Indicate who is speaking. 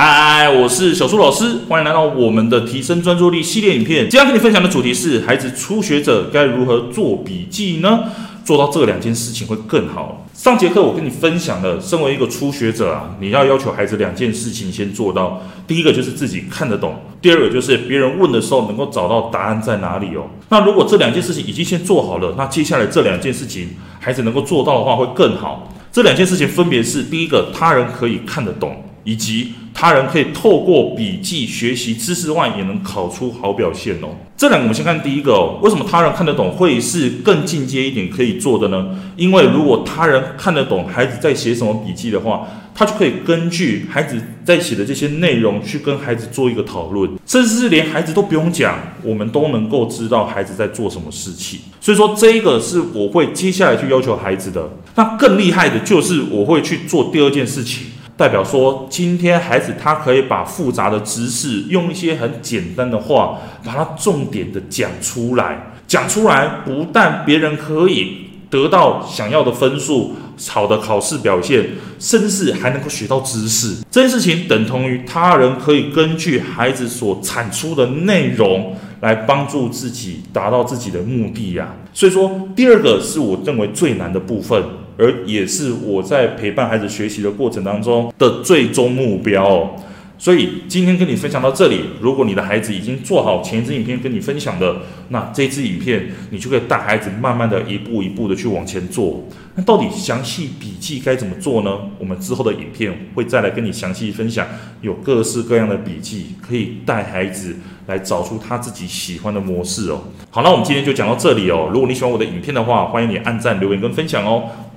Speaker 1: 嗨，Hi, 我是小蘇老師，歡迎來到我們的提升專注力系列影片。今天要跟你分享的主題是：孩子初學者該如何做筆記呢？做到這兩件事情會更好。上節課我跟你分享了，身為一個初學者啊，你要要求孩子兩件事情先做到。第一個就是自己看得懂，第二個就是別人問的時候能夠找到答案在哪裡哦。那如果這兩件事情已經先做好了，那接下來這兩件事情孩子能夠做到的話會更好。這兩件事情分別是：第一個，他人可以看得懂，以及，他人可以透過筆記學習知識外，也能考出好表現哦。這兩個我們先看第一個哦，為什麼他人看得懂會是更進階一點可以做的呢？因為如果他人看得懂孩子在寫什麼筆記的話，他就可以根據孩子在寫的這些內容去跟孩子做一個討論，甚至是連孩子都不用講，我們都能夠知道孩子在做什麼事情。所以說，這一個是我會接下來去要求孩子的。那更厲害的就是我會去做第二件事情。代表說，今天孩子他可以把複雜的知識用一些很簡單的話，把它重點的講出來，講出來，不但別人可以得到想要的分數、好的考試表現，甚至還能夠學到知識。這件事情等同於他人可以根據孩子所產出的內容來幫助自己達到自己的目的呀。所以說，第二個是我認為最難的部分。而也是我在陪伴孩子學習的過程當中的最終目標哦，所以今天跟你分享到這裡。如果你的孩子已經做好前一支影片跟你分享的，那這支影片你就可以帶孩子慢慢的一步一步的去往前做。那到底詳細筆記該怎麼做呢？我們之後的影片會再來跟你詳細分享，有各式各樣的筆記可以帶孩子來找出他自己喜歡的模式哦。好，那我們今天就講到這裡哦。如果你喜歡我的影片的話，歡迎你按讚、留言跟分享哦。